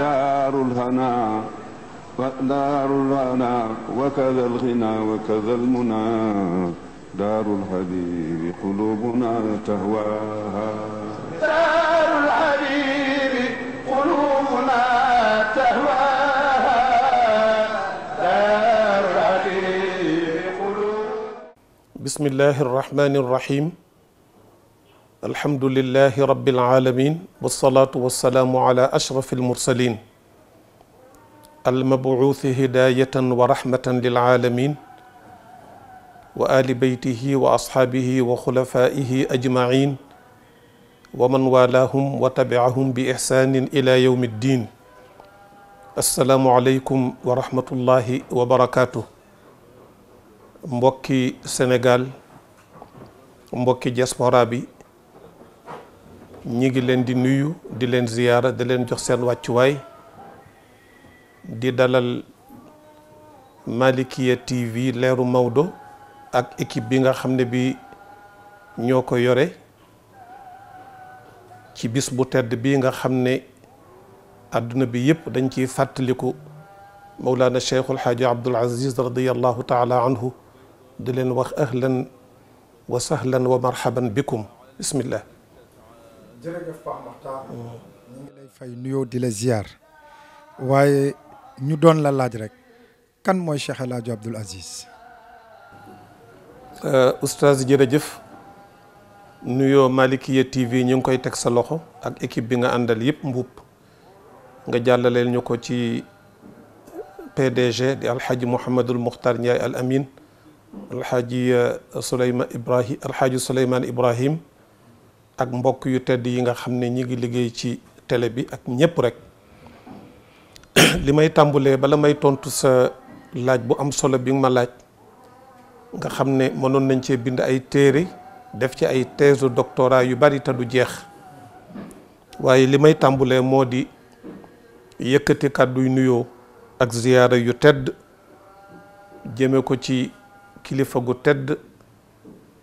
دار الهنا دار الهنا وكذا الغنى وكذا المنى دار الحبيب قلوبنا تهواها دار الحبيب قلوبنا تهواها دار الحبيب قلوبنا بسم الله الرحمن الرحيم الحمد لله رب العالمين والصلاة والسلام على أشرف المرسلين المبعوث هداية ورحمة للعالمين وآل بيته وأصحابه وخلفائه أجمعين ومن والاهم وتبعهم بإحسان إلى يوم الدين السلام عليكم ورحمة الله وبركاته موكي سنغال موكي جاسبورابي ñi ngi leen di nuyu di leen ziyaara di leen jox seen wàccuwaay di dalal Malikia TV leeru Maodo ak équipe bi nga xam ne bi ñoo ko yore ci bis bu tedd bi nga xam ne àdduna bi yëpp dañ ciy fàttaliku Mawlana Cheikhul Xaaji Abdul Aziz radiyallahu taala anhu di leen wax ahlan wa sahlan wa marhaban bikum bismillah jërëjëf Pape Makhtar di la ziar waaye ñu doon la laaj rek kan mooy Cheikh El Hadj Abdoul Aziz. Euh, oustaz jërëjëf nuyoo Malikiya TV ñu ngi koy teg sa loxo ak équipe bi nga àndal yëpp mbuub nga jàllaleel ñu ko ci PDG di alxaaji Mouhamadul Mukhtar Ndiaye al Amin alxaaji euh, Souleymane Ibrahim alxaaji Souleymane Ibrahim. ak mbokk yu tedd yi nga xam ne ñi ngi liggéey ci télé bi ak ñépp rek li may tàmbulee bala may tontu sa laaj bu am solo bi ma laaj nga xam ne mënoon nañ cee bind ay téere def ci ay teesu de doctorat yu bari te du jeex waaye li may tàmbulee moo di yëkkati kàdduy nuyoo ak ziyaara yu tedd jëme ko ci kilifa gu tedd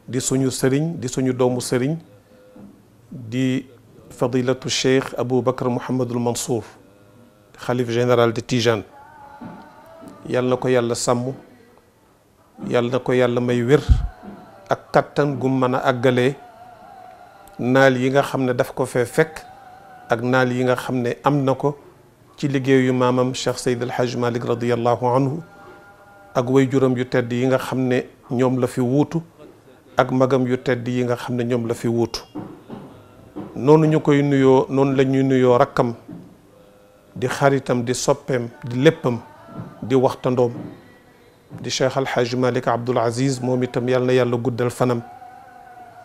di suñu sëriñ di suñu doomu sëriñ di fadilatu cheikh Abou Bakr Mouhamadul Mansour xalif général de Tijane yal na ko yàlla sàmm yal na ko yàlla may wér ak kattan gum mën a àggalee naal yi nga xam ne daf ko fee fekk ak naal yi nga xam ne am na ko ci liggéeyu maamam Cheikh Seyd El Hadj Malick radiyallahu anhu ak waajuram yu tedd yi nga xam ne ñoom la fi wuutu ak magam yu tedd yi nga xam ne ñoom la fi wuutu noonu ñu koy nuyoo noonu la ñuy nuyoo rakkam di xaritam di soppeem di léppam di waxtandoom di cheikh alxaaji malik abdul aziz moom itam yàlla na yàlla guddal fanam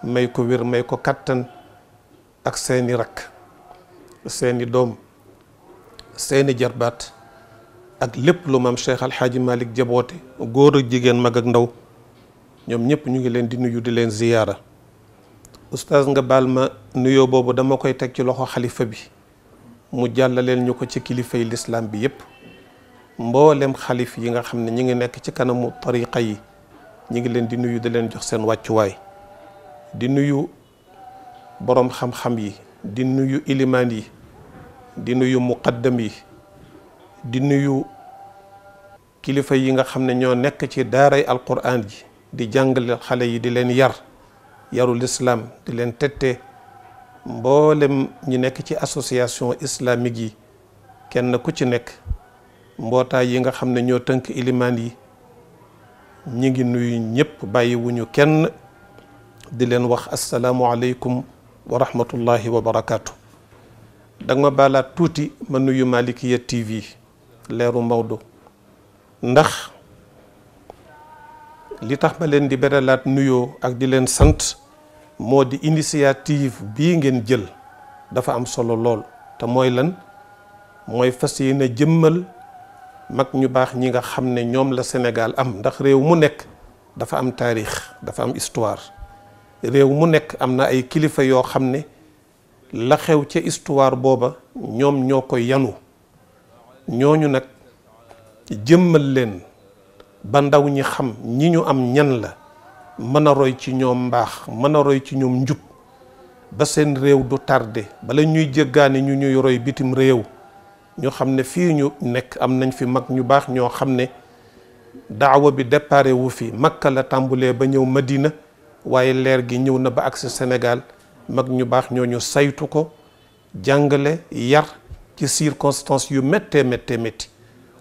may ko wér may ko kattan ak seeni rakk seeni doom seeni jarbaat ak lépp lu maam cheikh alxaaji malik jaboote góor ak mag ak ndaw ñoom ñëpp ñu ngi leen di nuyu di leen ziyaara oustaz nga baal ma nuyoo boobu dama koy teg ci loxo xalifa bi mu jàll leen ñu ko ci kilifa yi lislaam bi yépp mboolem xalif yi nga xam ne ñi ngi nekk ci kanamu tariqa yi ñi ngi leen di nuyu di leen jox seen wàccuwaay di nuyu boroom xam-xam yi di nuyu ilimaan yi di nuyu muqaddam yi di nuyu kilifa yi nga xam ne ñoo nekk ci daaray alquraan ji di jàngale xale yi di leen yar yarul lislaam di leen tette mboolem ñu nekk ci association islamique yi kenn ku ci nekk mbootaay yi nga xam ne ñoo tënk ilimaan yi ñi ngi nuyu ñëpp bàyyiwuñu kenn di leen wax asalaamualeykum wa rahmatullahi wa barakaatu. da nga ma baalaat tuuti ma nuyu Malikiya TV leeru Maodo ndax li tax ma leen di beralaat nuyoo ak di leen sant. moo di initiative bii ngeen jël dafa am solo lool te mooy lan mooy fas yéene jëmmal mag ñu baax ñi nga xam ne ñoom la Sénégal am ndax réew mu nekk dafa am taarix dafa am histoire réew mu nekk am na ay kilifa yoo xam ne la xew ca histoire booba ñoom ñoo ko yanu ñooñu nag jëmmal leen ba ndaw ñi xam ñi ñu am ñan la mën roy ci ñoom mbaax mën roy ci ñoom njub ba seen réew du tardé bala ñuy jéggaane ñu ñuy roy bitim réew ñu xam ne fii ñu nekk am nañ fi mag ñu baax ñoo xam ne daawa bi deparewu fi Makka la tàmbulee ba ñëw Madina waaye leer gi ñëw na ba agsi Sénégal mag ñu baax ñoo ñu saytu ko jàngale yar ci circonstances yu méttee méttee métti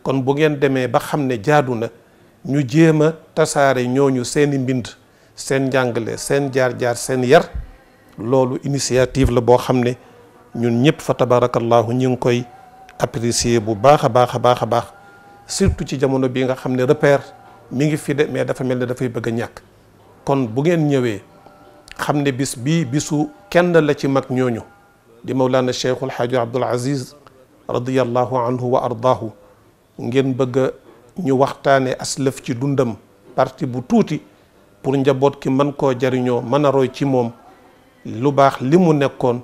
kon bu ngeen demee ba xam ne jaadu na ñu jéem a tasaare ñooñu seeni mbind seen njàngale seen jaar-jaar seen yar loolu initiative la boo xam ne ñun ñëpp fa tabarakallahu ñu ngi koy apprécier bu baax a baax a baax a baax surtout ci jamono bi nga xam ne repère mi ngi fi de mais dafa mel ni dafay bëgg a ñàkk kon bu ngeen ñëwee xam ne bis bi bisu kenn la ci mag ñooñu di mawlaana cheikhul xaaji abdul aziz radiallahu anhu wa ardaahu ngeen bëgg ñu waxtaane aslëf ci dundam parti bu tuuti pour njaboot ki mën koo jariñoo man a roy ci moom lu baax li mu nekkoon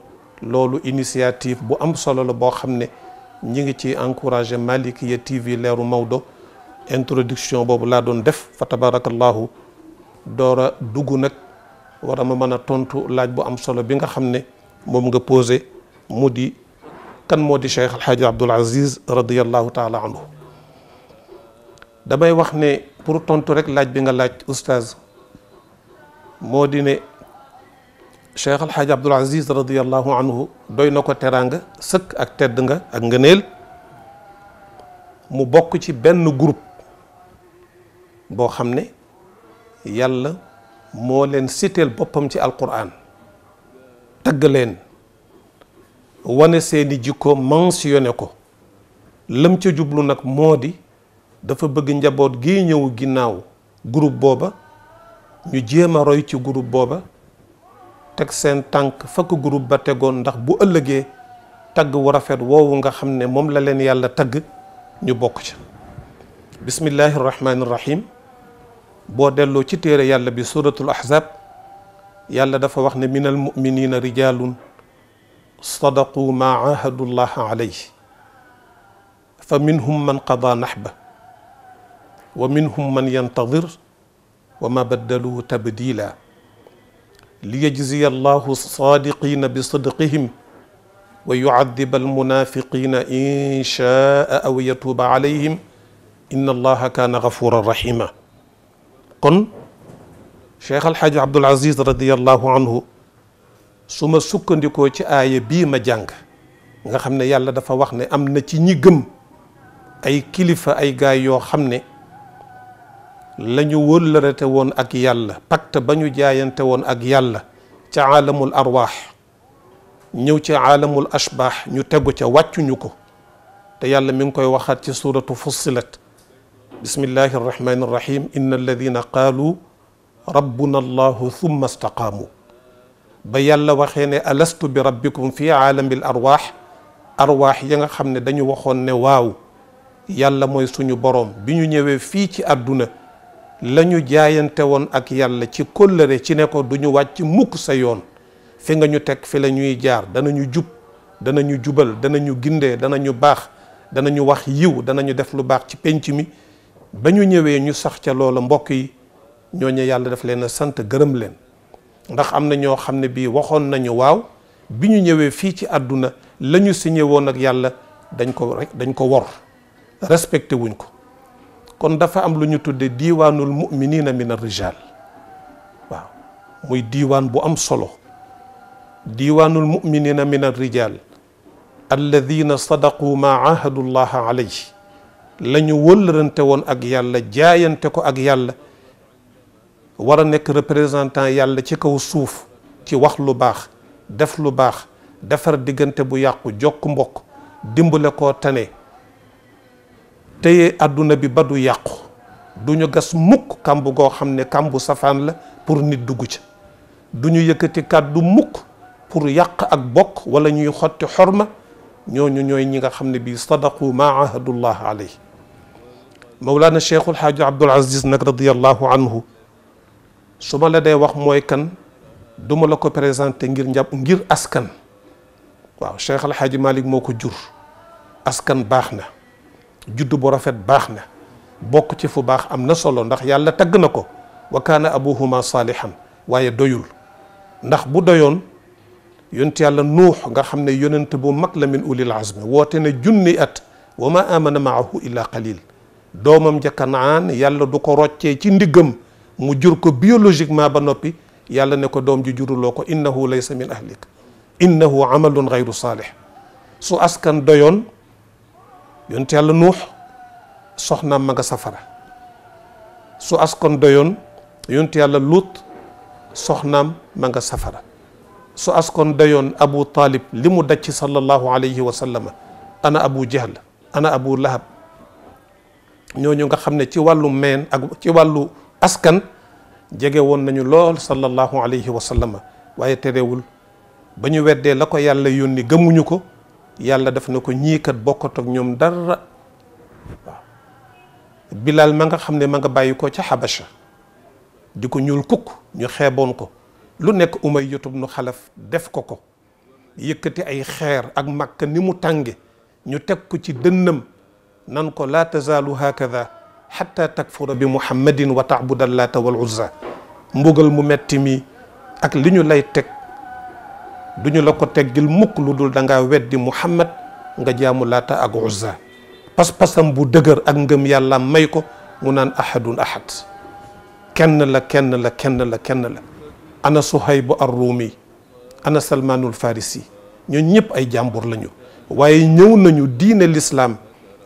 loolu initiative bu am solo la boo xam ne ñi ngi ci encouragé Malikiya TV leeru Maodo introduction boobu laa doon def fa tabarakallahu door a dugg nag war a ma mën a tontu laaj bu am solo bi nga xam ne moom nga posé mu di kan moo di Cheikh Alhaaji Abdoul Aziz radiallahu taala anhu damay wax ne pour tontu rek laaj bi nga laaj oustaz moo di ne Cheikh El Hadj Abdoul Aziz radiyallahu anhu doy na ko teraanga sëkk ak tedd nga ak ngëneel mu bokk ci benn groupe boo xam ne yàlla moo leen siteel boppam ci alkuraan tagg leen wane seeni jikko mentionné ko lëm ca jublu nag moo di dafa bëgg njaboot gi ñëw ginnaaw group booba ñu jéem a roy ci groupe booba teg seen tànk fakk groupe ba tegoon ndax bu ëllëgee tagg wu rafet woowu nga xam ne moom la leen yàlla tagg ñu bokk ca bismillahi rahmaani rahim boo delloo ci téere yàlla bi suratul ahzab yàlla dafa wax ne minal muminina rijalun sadaqu ma ahadullaha alayhi fa minhum man qada naxba wa minhum man yantadir وما بدلوا تبديلا ليجزي الله الصادقين بصدقهم ويعذب المنافقين إن شاء أو يتوب عليهم إن الله كان غفورا رحيما قل شيخ الحاج عبد العزيز رضي الله عنه suma سكن ci aaya bii ma jàng nga xam ne yàlla dafa wax ne am na ci ñi gëm ay kilifa ay gaay yoo xam ne lañu ñu wëllërate woon ak yàlla pacte ba ñu jaayante woon ak yàlla ca aalamul arwaax ñëw ci aalamul ashbaax ñu tegu ca wàccuñu ko te yàlla mi ngi koy waxaat ci suratu fussilat bismillahi arrahmani arrahim inna alladina qaalu rabbuna allahu thumma istaqaamu ba yàlla waxee ne alastu bi rabbikum fi aalamil arwaax arwaax ya nga xam ne dañu waxoon ne waaw yàlla mooy suñu boroom bi ñu ñëwee ci àdduna la ñu jaayante woon ak yàlla ci kóllëre ci ne ko du ñu wàcc mukk sa yoon fi nga ñu teg fi la ñuy jaar danañu jub danañu jubal danañu gindee ñu baax danañu wax yiw danañu def lu baax ci penc mi ba ñu ñëwee ñu sax ca loola mbokk yi ñoo ñooñu yàlla daf leen sant gërëm leen ndax am na ñoo xam ne bii waxoon nañu waaw bi ñu ñëwee fii ci àdduna la ñu signé woon ak yàlla dañ ko rek dañ ko wor respecté wuñ ko kon dafa am lu ñu tuddee diiwaanul muminina min ar-rijaal waaw muy bu am solo diiwaanul muminina min ar-rijaal alladina sadaqu maa ahadu llaha woon ak yàlla jaayante ko ak yàlla war a nekk représentant yàlla ci kaw suuf ci wax lu baax def lu baax defar diggante bu yàqu jokk mbokk dimbale koo tane téye àdduna bi ba du yàqu du ñu gas mukk kàmb goo xam ne kàmbu safaan la pour nit dugg ca du ñu yëkkati kàddu mukk pour yàq ak bokk wala ñuy xotti xorma ñooñu ñooy ñi nga xam ne bii sadaqu maa ahadullah alayh mawlaana cheikhul xaaji abdul aziz nag radiallahu anhu su la dee wax mooy kan du la ko présenté ngir njab ngir askan waaw cheikh alxaaji malik moo jur askan baax juddu bu rafet baxna na ci fu bax amna solo ndax yàlla tag nako wa kana abuhuma salihan waye doyul ndax bu doyon yunt yàlla nuh nga xamne yonent bu mag la min ulil azmi wote ne junni at wa ma amana maahu illa qalil domam ja Kanaan yàlla du ko rocce ci ndigam mu jur ko biologiquement ba nopi yàlla ne ko dom ju juruloo innahu laysa min ahlik innahu amalun ghayru salih su askan doyon yonte yàlla nuux soxnaam ma nga safara su askan doyoon yonte yàlla luut soxnaam ma nga safara su askan dayoon abu taalib li mu daj ci sallallahu alayhi wa sallama ana abu jahl ana abu lahab ñooñu nga xam ne ci wàllu meen ak ci wàllu askan jege woon nañu lool sallallahu alayhi wa sallama waaye terewul ba ñu weddee la ko yàlla yónni gëmuñu ko yàlla def na ko ñii kat bokkut ak ñoom dara waaw bilaal ma nga xam ne ma nga bàyyi ko ca xabasha di ko ñuul kukk ñu xeeboon ko lu nekk umay yotub nu xalaf def ko ko yëkkati ay xeer ak màkk ni mu tànge ñu teg ko ci dënnam nan ko laa tazaalu hakada xatta takfura bi muhammadin wa taabuda allaata wal uzza mbugal mu metti mi ak li ñu lay teg duñu ñu la ko teggil mukk luddul da nga weddi Muhammad nga jaamu lata ak Uzza pas-pasam bu dëgër ak ngeum yàlla may ko mu nan ahadun ahad kenn la kenn la kenn la kenn la ana suhayb ar-Rumi ana salman al Farisi ñoo ñëpp ay jambour lañu waye ñëw nañu diine l'islam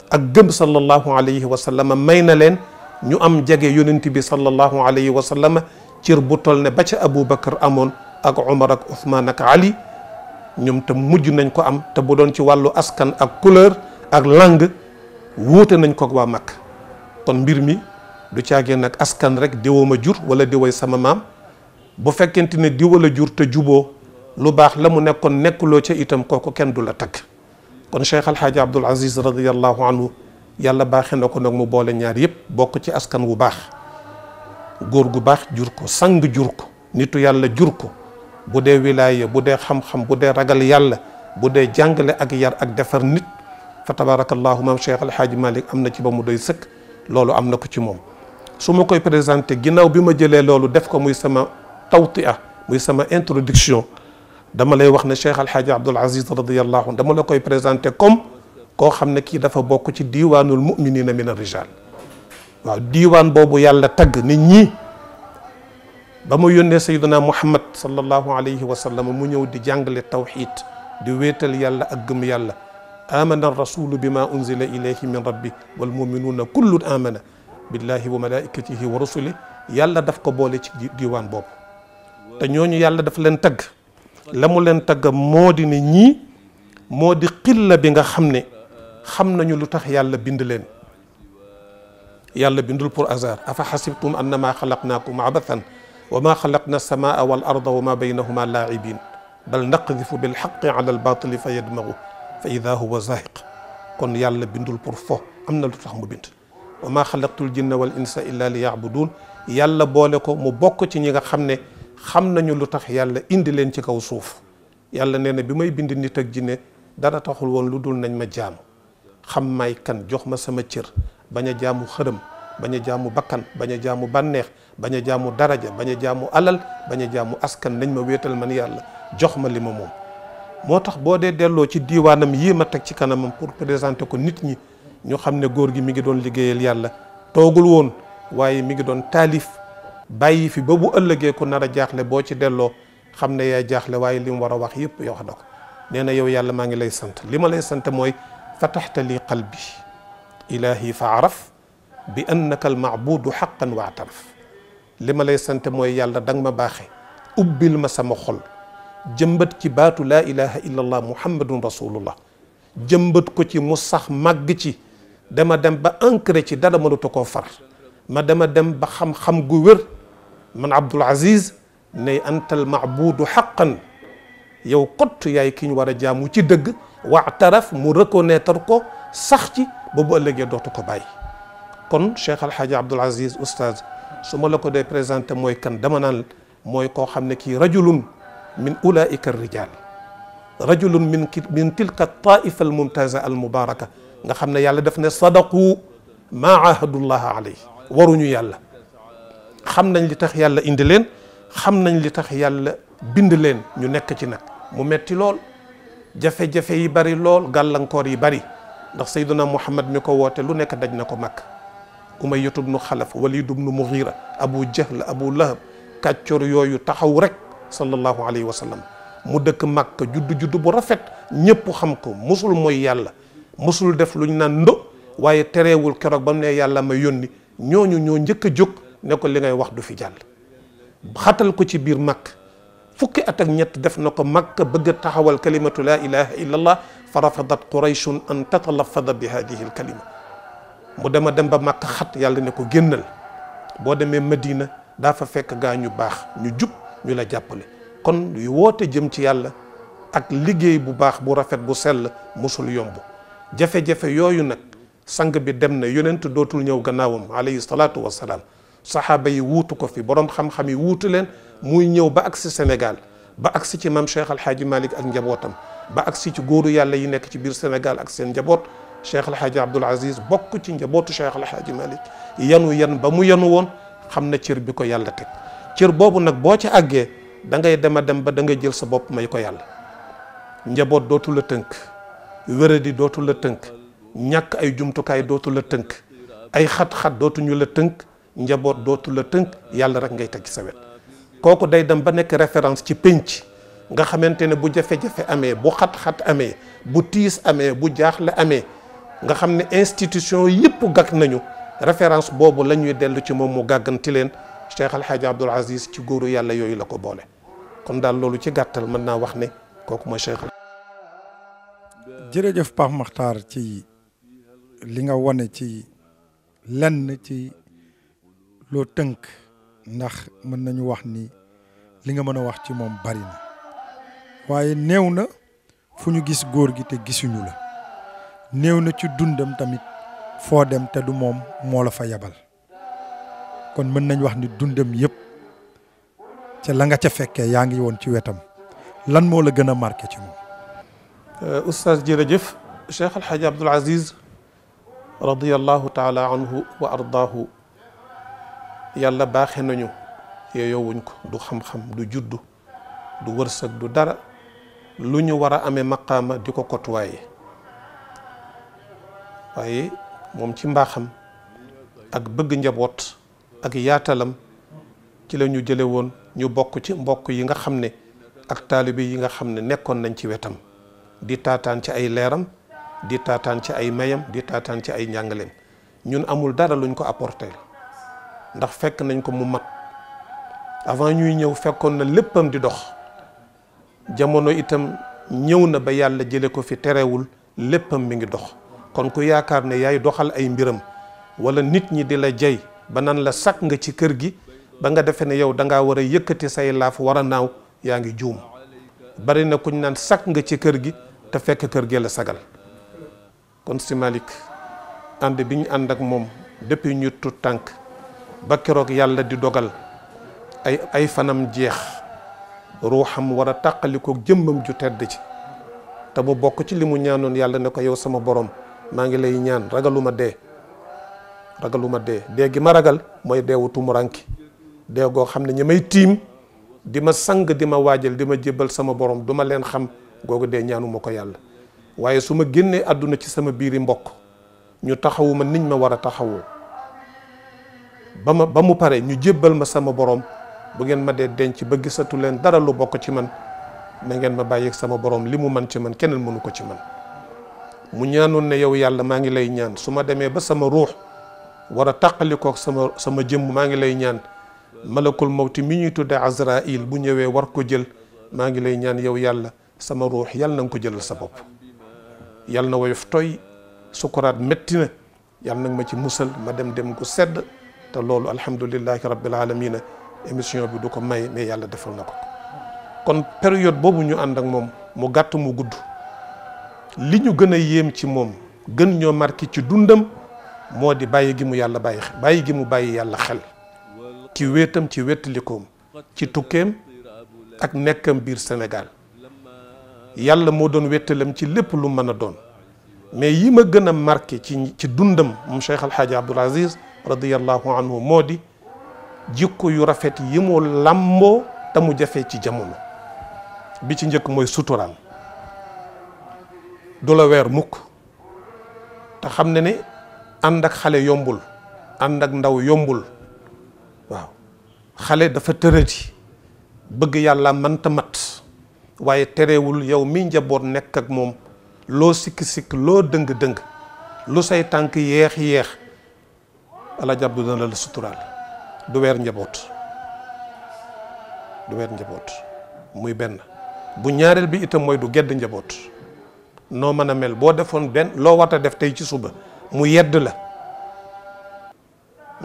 ak gëm sallallahu alayhi wa sallam may na leen ñu am jage yonent bi sallallahu alayhi wa sallam cir bu tol ne ba ca abou Aboubacar amone ak Omar ak Ousmane ak Ali ñoom te mujj nañ ko am te bu doon ci wàllu askan ak couleur ak langue wuute nañ kook waa Makka kon mbir mi du caagee nag askan rek diwoo ma jur wala diwoy sama maam bu fekkente ne diwa la jur te juboo lu baax la mu nekkoon nekkuloo ca itam kooku kenn du la takk kon Cheikh Al Hadj Abdoul Aziz yàlla baaxee na ko nag mu boole ñaar yëpp bokk ci askan wu baax góor gu baax jur ko sang jur ko nitu yàlla jur ko. bu dee wilaaya bu dee xam-xam bu dee ragal yàlla bu dee jàngale ak yar ak defar nit fa tabarakallahu maam Cheikh Alhaaji Malick am na ci ba mu doy sëkk loolu am na ko ci moom su ma koy présenté ginnaaw bi ma jëlee loolu def ko muy sama tawtia muy sama introduction dama lay wax ne Cheikh Alhaaji Abdoul Aziz radiallahu an dama la koy présenté comme koo xam ne kii dafa bokk ci diiwaanul muminina min ar rijal waaw diiwaan boobu yàlla tagg nit ñi bamu mu sayyidina muhammad sallallahu alayhi wa sallam mu ñëw di jàngale tawhid di wetal yàlla ak gëm yàlla amana rasulu bima unzila ilayhi min rabbi wal muminuuna kullu amana billahi wa malaikatihi wa rusuli yàlla daf ko bolé ci diwan boobu te ñooñu yàlla daf leen tag lamu leen tag modi ni ñi modi xilla bi nga xamne xamnañu lutax yàlla bind leen yàlla bindul pour hasard afa hasibtum annama khalaqnakum abathan وما خلقنا السماء والأرض وما بينهما لاعبين بل نقذف بالحق على الباطل فيدمغه فإذا هو زاهق كن يالا بندل بورفو أمنا لتفهم بنت وما خلقت الجن والإنس إلا ليعبدون يالا بوليكو مو بوكو تي نيغا خامني نيو لوتاخ يالا اندي لين تي كاو يالا نينا بيماي بند نيت اك جيني دارا تاخول وون لودول نان ما جام خام ماي جوخ ما سما تير جامو خرم باña جامو بكان باña جامو بانيخ baña jaamu daraja baña jaamu alal baña jaamu askan lañ ma wétal man yàlla jox ma lima mom motax bo de boo ci diwanam yi ma tek ci kanamam pour présenter ko nit ñi ñu xamne ne góor gi mi ngi doon liggéeyal yàlla togul won waye mi ngi doon talif bàyyi fi ba bu ëllëgee ku nar a jaaxle ci delloo xamne ya jaxlé waye lim wara wax yëpp yo wax na ko yow yàlla ma ngi lay sant lima lay sant moy fatahta li qalbi ilahi fa'raf بأنك المعبود حقا واعترف لما لا سانت موي يالا داغ ما باخي اوبيل ما سما خول جيمبت كي باتو لا اله الا الله محمد رسول الله جيمبت كو تي مسخ ماغ تي دما دم با انكري تي دادا مانو توكو فار ما دما دم با خم خم غو وير من عبد العزيز ني انت المعبود حقا يو قط ياي كي نوارا جامو تي دغ واعترف مو ريكونيتر كو صح تي بو بو الليغي دوتو كو باي كون شيخ الحاج عبد العزيز استاذ suma ma la ko dee présenté moy kan dama nan moy ko xamne ki rajulun min ulaika rijal rajulun min min tilka taifa al mumtaza al mubaraka nga xamne yàlla daf ne sadaqu ma ahadullah alay waruñu yàlla xam nañ li tax yàlla indi len xam nañ li tax yàlla bind len ñu nek ci nak mu metti lol jafe-jafe yi bari lol galankor yi bari ndax sayyiduna muhammad mi ko wote lu nek dajna ko makka umayyatu bnu xalaf walidu bnu mugira abu jahl abu lahab kàccor yooyu taxaw rek sallallahu alayhi wa sallam mu dëkk Makka juddu juddu bu rafet ñëpp xam ko musul mooy yàlla musul def lu ñu naan ndo waaye tereewul keroog ba mu ne yàlla ma yónni ñooñu ñoo njëkk a jóg ne ko li ngay wax du fi jàll xatal ko ci biir Makka fukki at ak ñett def na ko Makka bëgg a taxawal kalimatu laa ilaha illa allah fa rafadat quraychun an tatalafada bi hadihi alkalima mu dema dem ba màkk xat yàlla ne ko génnal boo demee Medina daa fa fekk gaa ñu baax ñu jub ñu la jàppale kon luy woote jëm ci yàlla ak liggéey bu baax bu rafet bu sell musul yomb jafe-jafe yooyu nag sang bi dem na yonent dootul ñëw gannaawam alayhi salaatu wassalaam saxaaba yi wuutu ko fii borom xam-xam yi wuutu leen muy ñëw ba agsi Sénégal ba agsi ci maam Cheikh Alhaaji Malick ak njabootam ba agsi ci góoru yàlla yi nekk ci biir Sénégal ak seen njaboot cheikh alhaaji abdoul aziz bokk ci njabootu cheikh alhaaji malik yanu yan ba mu yanu woon xam na cër bi ko yàlla teg cër boobu nag boo ci àggee da ngay dem a dem ba da ngay jël sa bopp may ko yàlla njaboot dootu la tënk wéradi dootu la tënk ñàkk ay jumtukaay dootu la tënk ay xat-xat dootuñu la tënk njaboot dootu la tënk yàlla rek ngay teg ci sa wet kooku day dem ba nekk référence ci pénc nga xamante ne bu jafe-jafe amee bu xat-xat amee bu tiis amee bu jaaxle amee nga xam ne institution yëpp gàgg nañu référence boobu la ñuy dellu ci moom mu gàgganti leen Cheikh Al Hadj Abdoul Aziz ci góoru yàlla yooyu la ko boole kon daal loolu ci gàttal mën naa wax ne kooku mooy Cheikh. jërëjëf Pape Makhtar ci li nga wane ci lenn ci loo tënk ndax mën nañu wax ni li nga mën a wax ci moom bari waaye néew na fu ñu gis góor gi te gisuñu la. néew na ci dundam tamit foo dem te du moom moo la fa yabal kon mën nañ wax ni dundam yépp ci la nga ca fekkee yaa ngi woon ci wetam lan moo la gën a marqué ci moom euh, oustaz jërëjëf cheikh alxaaji abdul aziz radiallahu taala anhu wa ardaahu yàlla baaxe nañu yeeyowuñ ko du xam-xam du juddu du wërsëg du dara lu ñu war a amee maqaama di ko kotuwaaye waaye moom ci mbaaxam ak bëgg njaboot ak yaatalam ci la ñu jële woon ñu bokk ci mbokk yi nga xam ne ak taalibe yi nga xam ne nekkoon nañ ci wetam di taataan ci ay leeram di taataan ci ay mayam di taataan ci ay njàngaleem ñun amul dara luñ ko apporté ndax fekk nañ ko mu mag avant ñuy ñëw fekkoon na léppam di dox jamono itam ñëw na ba yàlla jële ko fi terewul léppam mi ngi dox kon ku yaakar ne yaay doxal ay mbiram wala nit ñi di la jey ba nan la sak nga ci kër gi ba nga defé ne yow da nga wara a say laaf wara a naaw yaa ngi bari na kuñ nan sak nga ci kër gi te fekk kër gi la sagal kon si malik and bi and ak mom depuis ñu tut tank ba yalla di dogal ay ay fanam jeex ruham wara takaliko jëmmam ju tedd ci ta mu bok ci limu ñaanon yalla ne ko yow sama borom maa ngi lay ñaan ragaluma dee ragaluma dee dee gi ma ragal mooy deewu tumuranki dee goo xam ne ñi may tiim di ma sang di ma waajal di ma jébbal sama borom du ma leen xam googu dee ñaanuma ko yàlla waaye su ma génnee àdduna ci sama biir biiri mbokk ñu taxawuma niñ ma war a taxawoo ba ma ba mu pare ñu jébbal ma sama borom bu ngeen ma dee denc ba gisatu leen dara lu bokk ci man na ngeen ma bàyyi sama borom li mu man ci man keneen mënu ko ci man mu ñaanoon ne yow yàlla maa ngi lay ñaan su ma demee ba sama ruux war a tàqalikook sama sama jëmm maa ngi lay ñaan malakul mawti mi ñuy tudde Azraïl bu ñëwee war ko jël maa ngi lay ñaan yow yàlla sama ruux yàlla na ko jël sa bopp yàlla na woyof toy sukuraat métti na yàlla nag ma ci musal ma dem dem ko sedd te loolu alhamdulillahi rabbil alamina émission bi du ko may mais yàlla defal na ko kon période boobu ñu ànd ak moom mu gàtt mu gudd li ñu gën a yéem ci moom gën ñoo marqué ci dundam moo di bàyyi gi mu yàlla bàyyi bàyyi gi mu bàyyi yàlla xel ci wéetam ci wettalikoom ci tukkeem ak nekkam biir Sénégal yàlla moo doon wettalam ci lépp lu mën a doon mais yi ma gën a ci ci dundam mu Cheikh Alhaaji Abdoul Aziz radiallahu anhu moo di jikko yu rafet yi mu làmboo te mu jafe ci jamono bi ci njëkk mooy suturaal du la weer mukk te xam ne ne ànd ak xale yombul ànd ak ndaw yombul waaw xale dafa tëradi bëgg yàlla manta mat waaye terewul yow mi njaboot nekk ak moom loo sikk-sikk loo dëng-dëng lu say tànk yeex-yeex ala jàpp dana la la suturaal du weer njaboot du weer njaboot muy benn bu ñaareel bi itam mooy du gedd njaboot noo mën a mel boo defoon benn loo war a def tey ci suba mu yedd la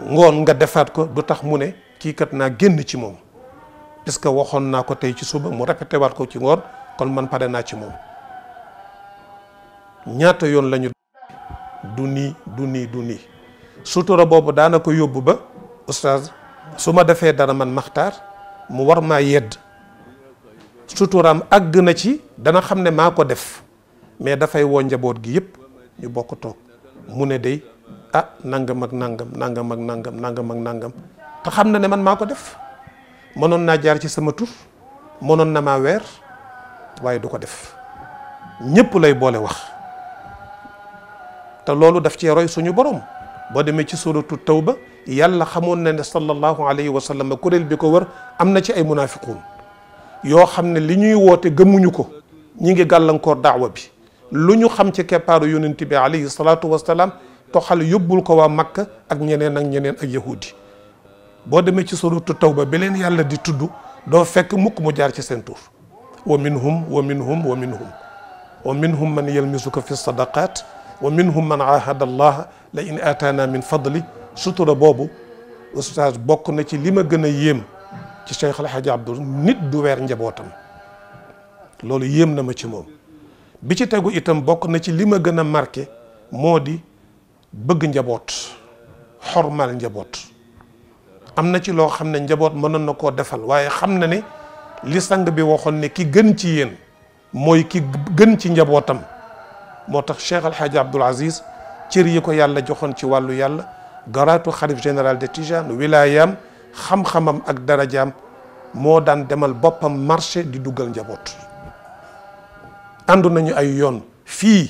ngoon nga defaat ko du tax mu ne kii kat naa génn ci moom que waxoon naa ko tey ci suba mu répété waat ko ci ngoon kon man pare naa ci moom ñaata yoon lañu du nii du nii du nii sutura boobu daana ko yóbbu ba oustaz su ma defee dara man maxtaar mu war maa yedd suturaam àgg na ci dana xam ne maa ko def mais dafay woo njaboot gi yëpp ñu bokk toog mu ne day ah nangam ak nangam nangam ak nangam nangam ak nangam te xam na ne man maa ko def mënoon naa jaar ci sama tur mënoon na maa weer waaye du ko def ñëpp lay boole wax te loolu daf cee roy suñu borom boo demee ci suratu ba yàlla xamoon na ne sallallahu alayhi wa sallam kuréel bi ko wër am na ci ay munaafiquun yoo xam ne li ñuy woote gëmuñu ko ñi ngi gàllankoor daawa bi luñu xam ci képaru yonent bi alayhi salatu salaatu to xal yobul ko wa Makka ak ñeneen ak ñeneen ak yahudi bo demé ci suratu tawba bi yàlla di tuddu do fekk mukk mu jaar ci sen tour wa minhum wa minhum wa minhum wa minhum man yalmisuka fi sadaqat wa minhum man ahada allah la in atana min fadli sutura bobu oustaz bok na ci lima gëna yem ci Cheikh al hadji Abdoul nit du wer njabotam lolou yem na ma ci mom bi ci tegu itam bokk na ci li ma gën a marqué moo di bëgg njaboot xormal njaboot am na ci loo xam ne njaboot mënoon na koo defal waaye xam na ne li sang bi waxoon ne ki gën ci yéen mooy ki gën ci njabootam moo tax Cheikh Al Hadj Aziz cër yi ko yàlla joxoon ci wàllu yàlla garaatu xalif général de Tijane wilayaam xam-xamam ak darajaam moo daan demal boppam marché di duggal njaboot. ànd nañu ay yoon fii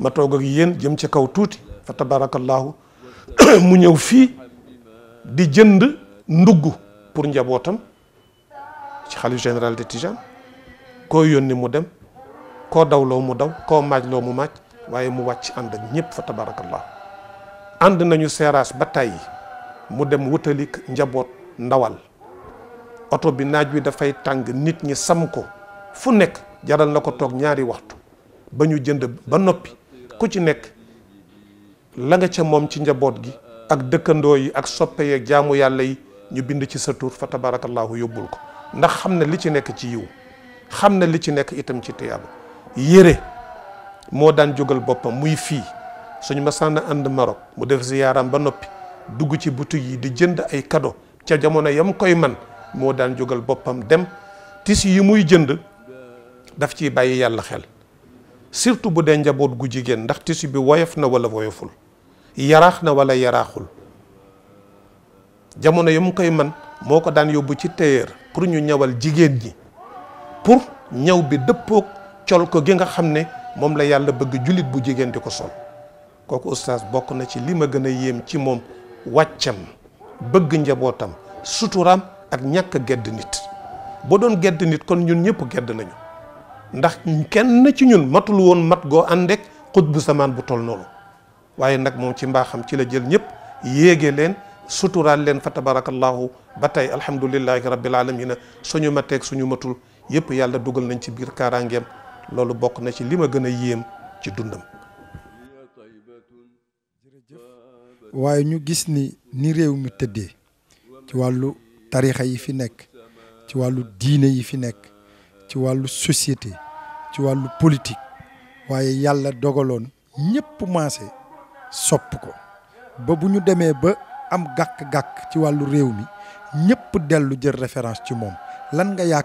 ma toog ak yéen jëm ci kaw tuuti fa tabarakallahu mu ñëw fii di jënd ndugg pour njabootam ci xalif général de Tijane koo yónni mu dem koo dawloo mu daw koo maajloo mu maaj waaye mu wàcc ànd ak ñëpp fa tabarakallahu ànd nañu seeraas ba tàyyi mu dem wutali njaboot ndawal oto bi naaj wi dafay tàng nit ñi sam ko fu nekk jaral na ko toog ñaari waxtu ba ñu jënd ba noppi ku ci nekk la nga ca moom ci njaboot gi ak dëkkandoo yi ak soppe yeeg jaamu yàlla yi ñu bind ci sa tur fa tabarakallahu yóbbul ko ndax xam na li ci nekk ci yiw xam ne li ci nekk itam ci tiyaaba yére moo daan jógal boppam muy fii ma masaan ànd Maroc mu def ziyaaram ba noppi dugg ci boutique yi di jënd ay kado ca jamono yam koy man moo daan jógal boppam dem tis yi muy jënd daf ciy bàyyi yàlla xel surtout bu dee njaboot gu jigéen ndax tissu bi woyof na wala woyoful yaraax na wala yaraaxul jamono yi koy man moo ko daan yóbbu ci téyeer pour ñu ñawal jigéen ñi pour ñaw bi dëppoog colko gi nga xam ne moom la yàlla bëgg jullit bu jigéen di ko sol kooku oustaz bokk na ci li ma gën a yéem ci moom wàccam bëgg njabootam suturaam ak ñàkk gedd nit boo doon gedd nit kon ñun ñëpp gedd nañu ndax kenn ci ñun matul woon mat goo àndeek xut bu samaan bu toll noonu waaye nag moom ci mbaaxam ci la jël ñëpp yéege leen suturaal leen fa tabarakallahu ba tey alhamdulillahi rabbil alamina suñu mateeg suñu matul yëpp yàlla dugal nañ ci biir kaaraangeem loolu bokk na ci li ma gën a yéem ci dundam waaye ñu gis ni ni réew mi tëddee ci wàllu tarixa yi fi nekk ci wàllu diine yi fi nekk ci la société ci la politique waye yalla dogalon ñepp sop ko ba buñu démé ba am ci jël référence ci mom lan nga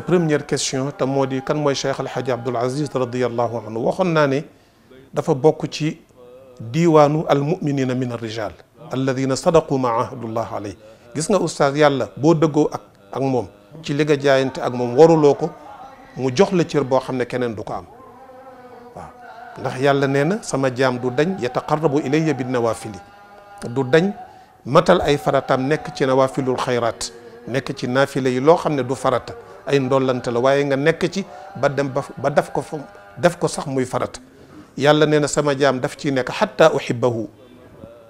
première question ta modi kan Cheikh El Aziz radiyallahu anhu dafa bokku ci al mu'minina min ar rijal sadaqu gis nga oustaz yàlla bo deggo ak ak mom ci liga nga jaayante ak mom waruloo ko mu jox la cër bo xamne kenen du ko am waaw ndax yàlla neena sama jam du dañ yataqarrabu ilayya bin nawafil du dañ matal ay faratam nek ci nawafilul khairat nek ci nafile yi lo xamne du farata ay ndollante la waye nga nek ci ba dem ba daf ko daf ko sax muy farata yàlla neena sama jam daf ci nek hatta uhibbu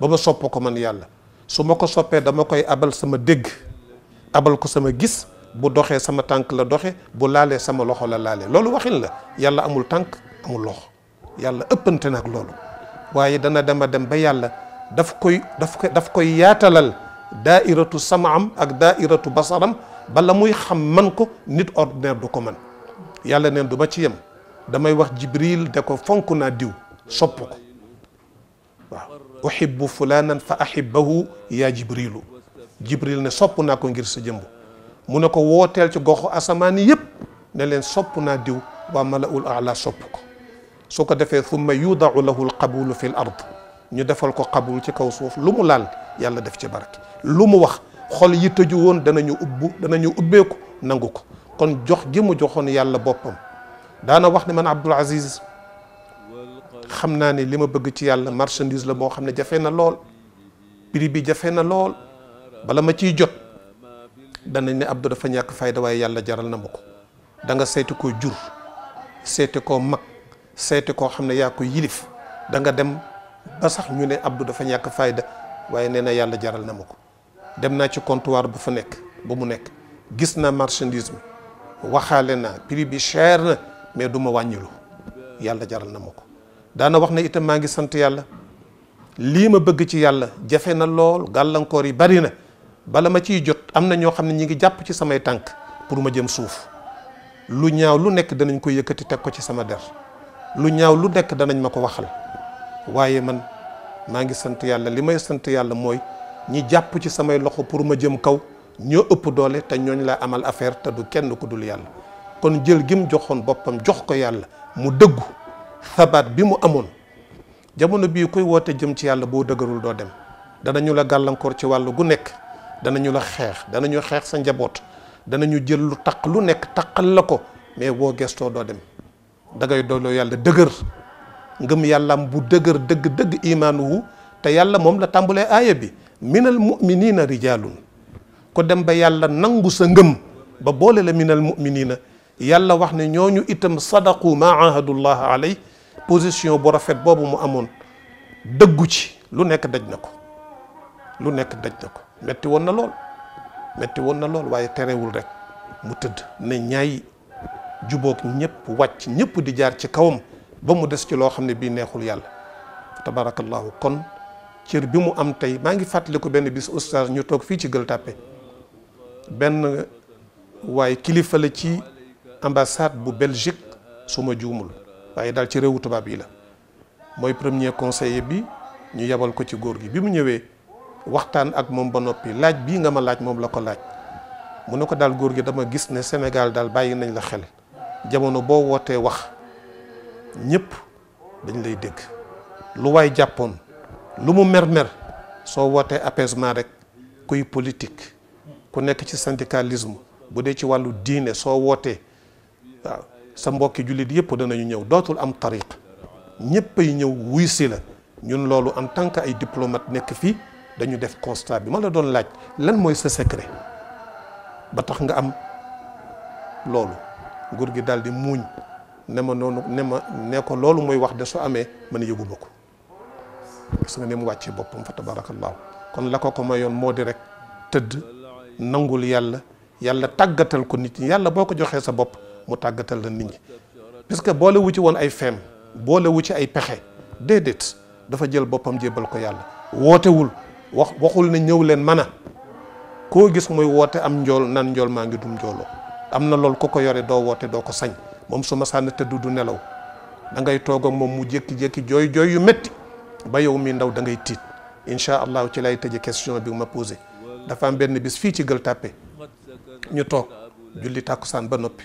ba sopp ko man yàlla su ma ko soppee dama koy abal sama dégg abal ko sama gis bu doxee sama tànk la doxe bu laalee sama loxo la laalee loolu waxin la yàlla amul tànk amul loxo yàlla ëppante nag loolu waaye dana dema dem ba yàlla daf koy daf koy daf koy yaatalal daairatu samaam ak daairatu basaram bala muy xam man ko nit ordinaire du ko man yàlla neen du ma ci yem damay wax jibril da ko fonk naa diw sopp ko uhibbu fulanan fa ahibbahu yaa jibrilu jibril ne sopp naa ko ngir sa jëmb mu ne ko wooteel ci goxu asamaan yépp ne leen sopp naa diw waa malaul ala sopp ko su ko defee thumma yudaau lahu alqabulu fi l ard ñu defal ko qabul ci kaw suuf lu mu laal yàlla def ci barke lu mu wax xol yi tëju woon danañu ubbu danañu ubbeeku nangu ko kon jox gi mu joxoon yàlla boppam daana wax ne man Abdul Aziz xam naa ne li ma bëgg ci yàlla marchandise la moo xam ne jafe na lool prix bi jafe na lool bala ma ciy jot danañ ne Abdou dafa ñàkk fayda waaye yàlla jaral na ma ko da nga seeti koo jur seeti koo mag seeti koo xam ne ko yilif da nga dem ba sax ñu ne Abdou dafa ñàkk fayda waaye nee na yàlla jaral na ma ko dem naa ci comptoir bu fa nekk bu mu nekk gis naa marchandise bi waxaale naa prix bi cher na mais du ma wàññilu yàlla jaral na ma daana wax na itam maa ngi sant yàlla lii ma bëgg ci yàlla jafe na lool gàllankoor yi bari na bala ma ciy jot am na ñoo xam ne ñi ngi jàpp ci samay tànk pour ma jëm suuf lu ñaaw lu nekk danañ ko yëkkati teg ko ci sama der lu ñaaw lu nekk danañ ma ko waxal waaye man maa ngi sant yàlla li may sant yàlla mooy ñi jàpp ci samay loxo pour ma jëm kaw ñoo ëpp doole te ñooñ laa amal affaire te du kenn ku dul yàlla kon jël gim joxoon boppam jox ko yàlla mu dëggu thabaat bi mu amoon jamono bii koy woote jëm ci yàlla boo dëgërul doo dem danañu la gàllankoor ci wàll gu nekk danañu la xeex danañu xeex sa njaboot danañu jël lu taq lu nekk taqal la ko mais boo gestoo doo dem dangay doyloo yàlla dëgër ngëm yàlla bu dëgër dëgg dëgg imaanuhu te yàlla moom la tàmbalee aaya bi minal muminina rijaalun ko dem ba yàlla nangu sa ngëm ba boole la minal muminina yàlla wax ne ñooñu itam sadaqu ma ahadullah alay position bu rafet boobu mu amoon dëggu ci lu nekk daj na ko lu nekk daj na ko metti woon na lool metti woon na lool waaye terewul rek mu tëdd ne ñaay jubook ñëpp wàcc ñëpp di jaar ci kawam ba mu des ci loo xam ne bii neexul yàlla tabarakallahu kon cër bi mu am tey maa ngi fàttali fàttaliku benn bis oustaz ñu toog fii ci Gueule Tapée benn waaye kilifa la ci ambassade bu Belgique su ma juumul waaye daal ci réewu tubaab yi la mooy premier conseiller bi ñu yebal ko ci góor gi bi mu ñëwee waxtaan ak moom ba noppi laaj bii nga ma laaj moom la ko laaj mu ne ko daal góor gi dama gis ne Sénégal daal bàyyi nañ la xel jamono boo wootee wax ñëpp dañ lay dégg lu waay jàppoon lu mu mer-mer soo wootee apaisement rek kuy politique ku nekk ci syndicalisme bu dee ci wàllu diine soo wootee waaw sa mbokki jullit yëpp danañu ñëw dootul am tariq ñëpp ay ñëw wuy si la ñun loolu en tant que ay diplomate nekk fii dañu def constat bi ma la doon laaj lan mooy sa secret ba tax nga am loolu nguur gi daal di muuñ ne ma noonu ne ma ne ko loolu mooy wax de su amee man yëguma ko gis nga ne mu wàccee boppam fa tabaarakallaahu kon la ko ko mayoon moo di rek tëdd nangul yàlla yàlla tàggatal ko nit ñi yàlla boo ko joxee sa bopp mu tàggatal la nit ñi puisque boole wu ci woon ay feem boole wu ci ay pexe déedéet dafa jël boppam jébbal ko yàlla wootewul wax waxul ne ñëw leen mën a koo gis muy woote am njool nan njool maa ngi dum njooloo am na loolu ku ko yore doo woote doo ko sañ moom su ma sànn tëdd du nelaw da ngay toog ak moom mu jékki-jékki jooy jooy yu métti ba yow mi ndaw da ngay tiit incha allahu ci lay tëje question bi ma posé dafa am benn bis fii ci Gueule Tapée ñu toog julli tàkkusaan ba noppi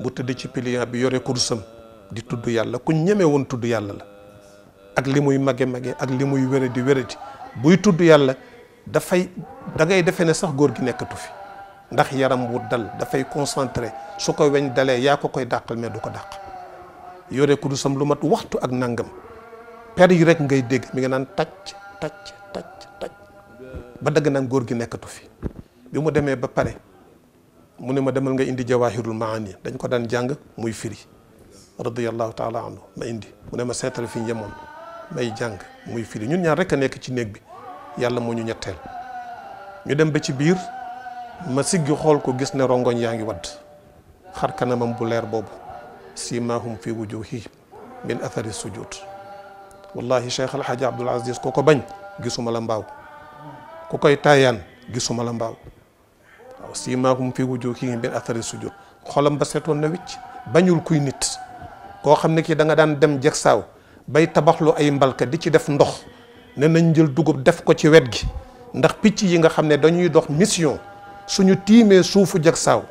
bu tëdd ci pilien bi yore kursam di tudd yàlla ku ñemee woon tudd yàlla la ak li muy mage mage ak li muy wéradi wéradi buy tudd yàlla dafay da ngay defee ne sax góor gi nekkatu fi ndax yaram wu dal dafay concentré su ko weñ dalee yaa ko koy dàqal mais du ko dàq yore kurusam lu mat waxtu ak nangam per yi rek ngay dégg mi nga naan tacc tacc tacc tacc ba dagg naan góor gi nekkatu fi bi mu demee ba pare mu ne ma demal nga indi jawaahirul maani dañ ko daan jàng muy firi radiyallahu taala anhu ma indi mu ne ma seetal fi njamoon may jàng muy firi ñun ñaar rekk a nekk ci néeg bi yàlla moo ñu ñetteel ñu dem ba ci biir ma siggi xool ko gis ne rongoñ yaa ngi wadd xar kanamam bu leer boobu simaahum fi wujuhi min athari sujud wallahi cheikh alhaji abdul aziz ko ko bañ gisuma la mbaaw ku koy taayaan gisuma la mbaaw wa siimaahum fii wujuuhihim min athari sujuud xolam ba seetoon na wicc bañul kuy nit koo xam ne kii da nga daan dem jeg saaw bay tabaxlu ay mbalka di ci def ndox ne nañ jël dugub def ko ci wet gi ndax picc yi nga xam ne dañuy dox mission suñu tiimee suufu jag saaw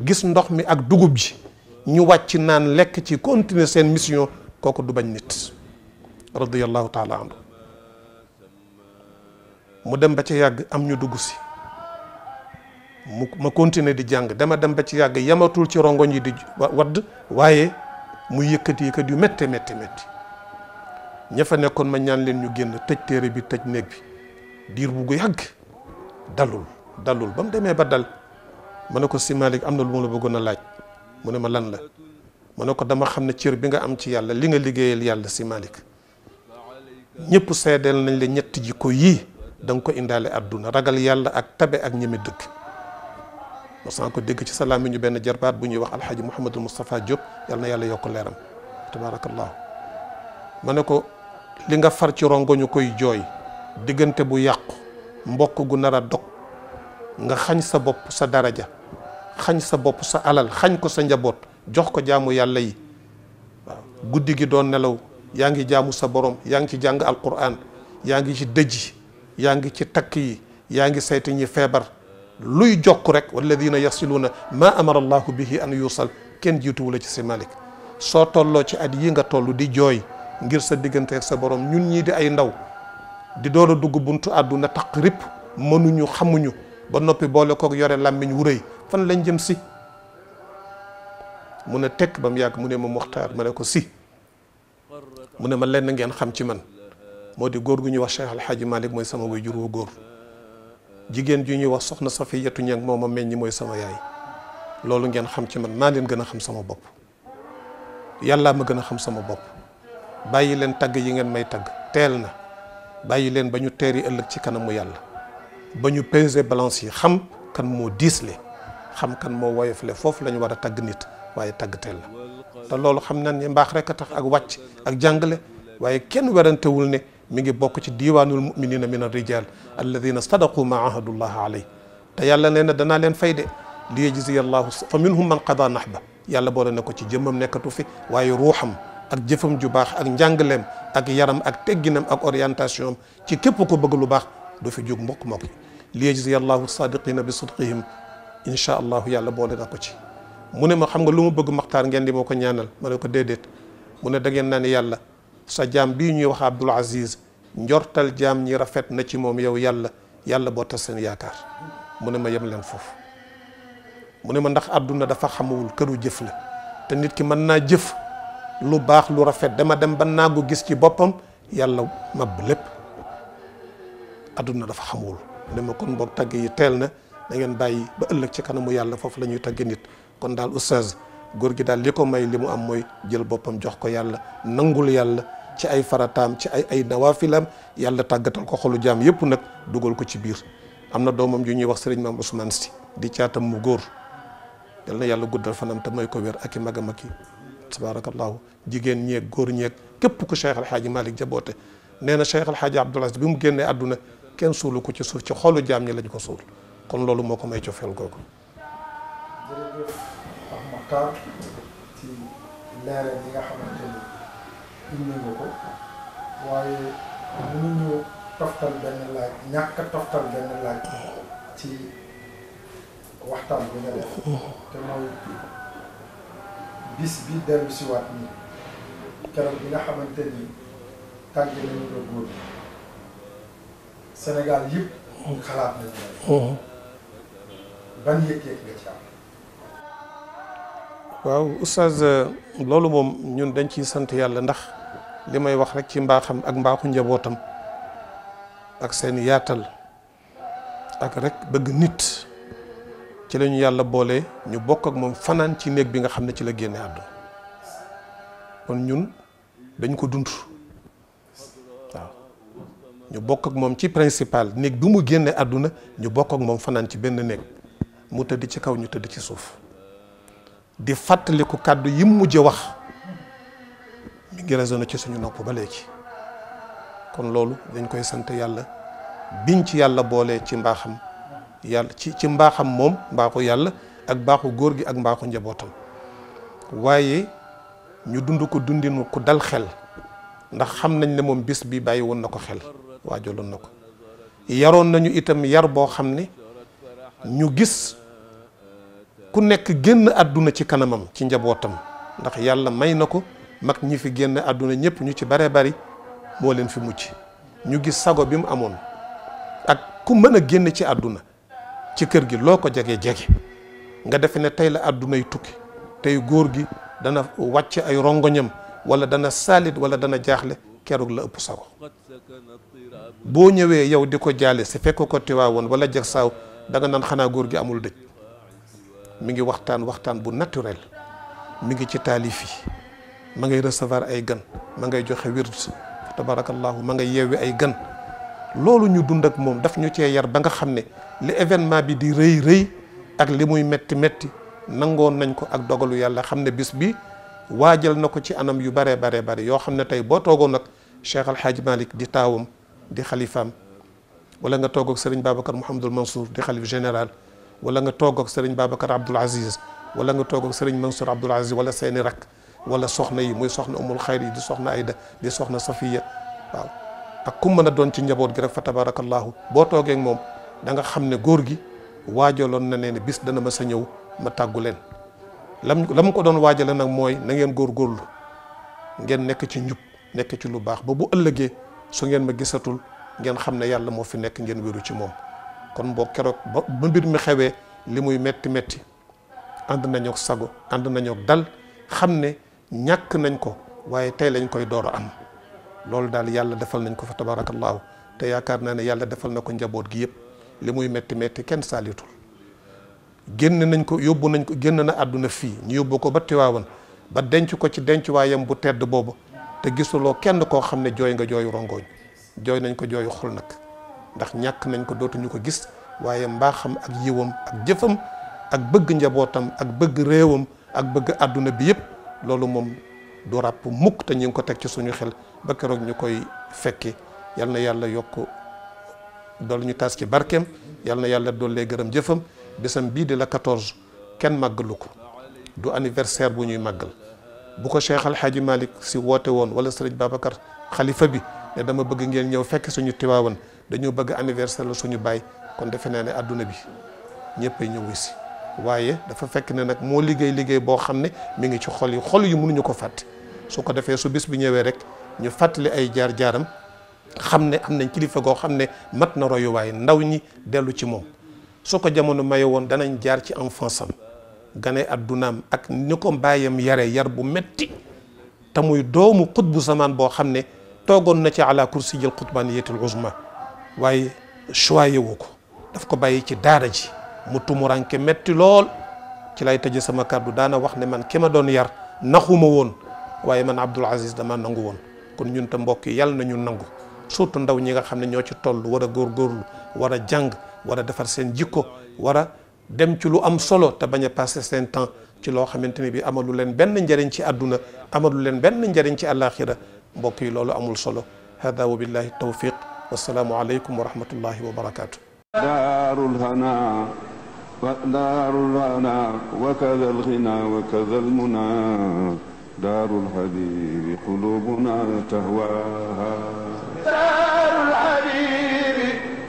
gis ndox mi ak dugub ji ñu wàcc naan lekk ci continuer seen mission kooku du bañ nit radiyallahu taala mu dem ba ci yàgg am ñu dugg si mu ma continuer di jàng dama dem ba ci yàgg yamatul ci rongoñ yi di wa wadd waaye mu yëkkat yëkkat yu métte métti métti ña nekkoon ma ñaan leen ñu génn tëj téere bi tëj néeg bi diir bu gu yàgg dalul dalul ba mu demee ba dal ma ne ko si am na lu mu la bëggoon a laaj mu ne ma lan la ma ne ko dama xam ne cër bi nga am ci yàlla li nga liggéeyal yàlla si Malick ñëpp seedeel nañ la ñetti jikko yii danga ko indaale àdduna ragal yàlla ak tabe ak ñeme no sanko deg ci salam ñu ben jarbat bu ñuy wax alxaaji mouhamadul moustapha mustafa yal lingga yalla yok leeram tabarakallah ma ko li nga far ci rongoñu koy joy diggante bu yaq mbokk gu nara dok nga xagn sa bop sa daraja xagn sa bop sa alal xagn ko sa njabot jox ko jaamu yalla yi guddi gi doon nelaw yaangi jaamu sa borom yaangi ci jang alquran yaa ci dëj yaangi ci takki yaangi ñi febar luy jokk rek walladina yasiluuna ma amara allahu bihi an yusal kenn jiituwula ci si malik soo tolloo ci at yi nga toll di jooy ngir sa diggante ak sa borom ñun ñii di ay ndaw di door a dugg buntu àdduna taq rip mënuñu xamuñu ba noppi boole koog yore làmmiñ wu rëy fan lañ jëm si mu ne tekk ba mu yàgg mu ne ma muxtaar ma ne ko si mu ne ma lenn ngeen xam ci man moo di góor gu ñuy wax Cheikh Alhaji Malick mooy sama waajur wu góor jigéen ji ñuy wax soxna Safiyatu Ñaŋ mooma meññi mooy sama yaay loolu ngeen xam ci man maa leen gën a xam sama bopp yàllaa ma gën a xam sama bopp bàyyi leen tagg yi ngeen may tagg teel na bàyyi leen ba ñu teeri ëllëg ci kanamu yàlla ba ñu peser balance yi xam kan moo diisle xam kan moo woyofle foofu la ñu war a tagg nit waaye tagg teel na te loolu xam nañ ne mbaax rek a tax ak wàcc ak jàngale waaye kenn werantewul ne mi ngi bokk ci diiwaanul muminina min ar-rijal alladina sadaqu ma ahadullah alay te yàlla nee na danaa leen fay de li yajziya allahu fa minhum man qada nahba yàlla boole na ko ci jëmmam nekkatu fi waaye ruuxam ak jëfam ju baax ak njàngaleem ak yaram ak tegginam ak orientation am ci képp ko bëgg lu baax du fi jóg mbokk mbokk li yajziya allahu sadiqina bi sidqihim incha allahu yàlla boole na ko ci mu ne ma xam nga lu mu bëgg maxtaar ngeen di moo ko ñaanal ma ne ko déedéet mu ne da ngeen naan yàlla sa jaam bii ñuy wax Abdul Aziz njortal jaam ñi rafet na ci moom yow yàlla yàlla boo tas seen yaakaar mu ne ma yem leen foofu mu ne ma ndax àdduna dafa xamawul këru jëf la te nit ki mën naa jëf lu baax lu rafet dama dem ba naagu gis ci boppam yàlla mab lépp àdduna dafa xamawul mu ne ma kon boog tagg yi teel na da ngeen bàyyi ba ëllëg ci kanamu yàlla foofu la ñuy tagg nit kon daal oustaz góor gi daal li ko may li mu am mooy jël boppam jox ko yàlla nangul yàlla ci ay farataam ci ay ay nawaafilam yàlla tàggatal ko xolu jaam yëpp nag dugal ko ci biir am na doomam yu ñuy wax sëriñ maam Ousmane si di caatam mu góor yal yàlla guddal fanam te may ko wér ak i mag a mag yi tabaarakallaahu jigéen ñeeg góor ñeeg képp ku Cheikh Alhaaji Malick jaboote nee na Cheikh Alhaaji Abdoul bi mu génnee àdduna kenn suulu ko ci suuf ci xolu jaam ñi lañ ko suul kon loolu moo ko may cofeel googu Muxtaar ci leeral yi nga xamante ni indi nga ko waaye mënuñu toftal benn laaj ñàkk toftal benn laaj ci waxtaan bi nga def te mooy bis bi dellu si waat ni keroog bi nga xamante ni tàgg nañu la góor Sénégal yëpp xalaat nañu la mhm. ban yëg-yëg nga ci waaw oustaz euh, loolu moom ñun dañ ciy sant yàlla ndax li may wax rek ci mbaaxam ak mbaaxu njabootam ak seen yaatal ak rek bëgg nit ci la yàlla boole ñu bokk ak moom fanaan ci néeg bi nga xam ne ci la génne àdduna kon ñun dañ ko dund waaw ñu bokk ak moom ci principal néeg bi mu génne àdduna ñu bokk ak moom fanaan ci benn néeg mu tëdd ci kaw ñu tëdd ci suuf di fàttaliku kàddu yi mu mujj wax mi ngi résonné ci suñu nopp ba léegi kon loolu dañ koy sant yàlla biñ ci yàlla boolee ci mbaaxam yàlla ci ci mbaaxam moom mbaaxu yàlla ak mbaaxu góor gi ak mbaaxu njabootam waaye ñu dund ko dundinu ku dal xel ndax xam nañ ne moom bis bi bàyyi woon na ko xel waajaloon na ko yaroon nañu itam yar boo xam ne ñu gis ku nekk génn àdduna ci kanamam ci njabootam ndax yàlla may na ko mag ñi fi génn àdduna ñëpp ñu ci bare bari moo leen fi mucc ñu gis sago bi mu amoon ak ku mën a génn ci àdduna ci kër gi loo ko jege jege nga defe ne tey la àdduna yi tukki tey góor gi dana wàcc ay rongoñam wala dana saalit wala dana jaaxle keroog la ëpp sago boo ñëwee yow di ko jaale si fekk ko tiwaawoon wala jeg saaw da nga naan xanaa góor gi amul dëj mingi ngi waxtaan waxtaan bu naturel mingi ci talifi ma ngay recevoir ay gan ma ngay joxe wird tabarakallah ma ngay yeewi ay gan loolu ñu dund ak mom daf ñu ci yar ba nga xamne li événement bi di reuy reuy ak li muy metti metti nangoon nañ ko ak dogalu yàlla xamne bis bi wajal nako ci anam yu bare bare bare yo xamne tay bo togo nak Cheikh Al Hadj Malick di tawum di khalifam wala nga togo ak Serigne Babacar Mouhamadul Mansour di khalif général ولا nga togg ak serigne Babacar abdul Aziz ولا nga togg ak serigne Mansour abdul Aziz ولا seeni rak ولا soxna yi muy soxna umul khair yi di soxna aida di soxna Safiya waaw ak kum meuna don ci njabot gi rek fa tabarakallah bo togge ak mom da nga xamne gor gi wajalon na len bis dana ma sa ñëw ma tagulen lam lam ko don waajale nag moy na ngeen gor góorgóorlu ngeen nek ci ñub nek ci lu bax bo bu ëllëgé su ngeen ma gisatul ngeen xamne yàlla mo fi nek ngeen wéru ci mom kon boo keroog ba ba mbir mi xewee li muy metti metti ànd nañoo sago ànd nañoo dal xam ne ñàkk nañ ko waaye tey lañ koy door am loolu daal yàlla defal nañ ko fa tabaarakallaahu te yaakaar naa ne yàlla defal na ko njaboot gi yëpp li muy metti metti kenn saalitul génn nañ ko yóbbu nañ ko génn na àdduna fii ñu yóbbu ko ba Tiwaawan ba denc ko ci denc waayam bu tedd boobu te gisuloo kenn koo xam ne jooy nga jooyu rongooñ jooy nañ ko jooyu xol nag ndax ñàkk nañ ko dootuñu ko gis waaye mbaaxam ak yiwam ak jëfam ak bëgg njabootam ak bëgg réewam ak bëgg àdduna bi yëpp loolu moom du ràpp mukk te ñu ko teg ci suñu xel ba keroog ñu koy fekki yal na yàlla yokk dool ñu taas ci barkeem yal na yàlla doollee gërëm jëfam bésam bii di la 14 kenn màggalu ko du anniversaire bu ñuy màggal bu ko Cheikh Al Hadji si woote woon wala sëriñ Babacar xalifa bi ne dama bëgg ngeen ñëw fekk suñu Tiwaawan dañu bëgg anniversaire la suñu bay kon defe na ne aduna bi ñëppay ñëw ci wayé dafa fekk ne nak mo liggéey liggéey bo xamné mi ngi ci xol yi xol yi mënuñu ko fàtte su ko défé su bis bi ñëwé rek ñu fatali ay jaar-jaaram xamné am nañ kilifa go xamné mat na royu way ndaw ñi dellu ci mom su ko jamono maye woon danañ jaar ci enfance gane adunaam ak ni ko mbaayam yare yar bu metti te muy doomu qutbu zaman bo xamné togon na ci ala kursijil xutbaniyatil uzma waaye choyé wu ko daf ko bàyyi ci daara ji mu tumuranke metti lool ci lay tëje sama kàddu daana wax ne man ki ma doon yar naxuma woon waaye man Abdoul Aziz dama nangu woon kon ñun te mbokk yi yàlla na ñu nangu surtout ndaw ñi nga xam ne ñoo ci toll war a góorgóorlu war a jàng war a defar seen jikko war a dem ci lu am solo te bañ a passé seen temps ci loo xamante ni bi amalu leen benn njariñ ci àdduna amalu leen benn njariñ ci àllaaxira mbokk yi loolu amul solo hada wa billahi tawfiq والسلام عليكم ورحمة الله وبركاته دار الهنا دار الهنا وكذا الغنى وكذا المنى دار الحبيب قلوبنا تهواها دار الحبيب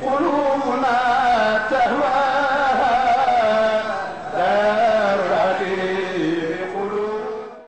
قلوبنا تهواها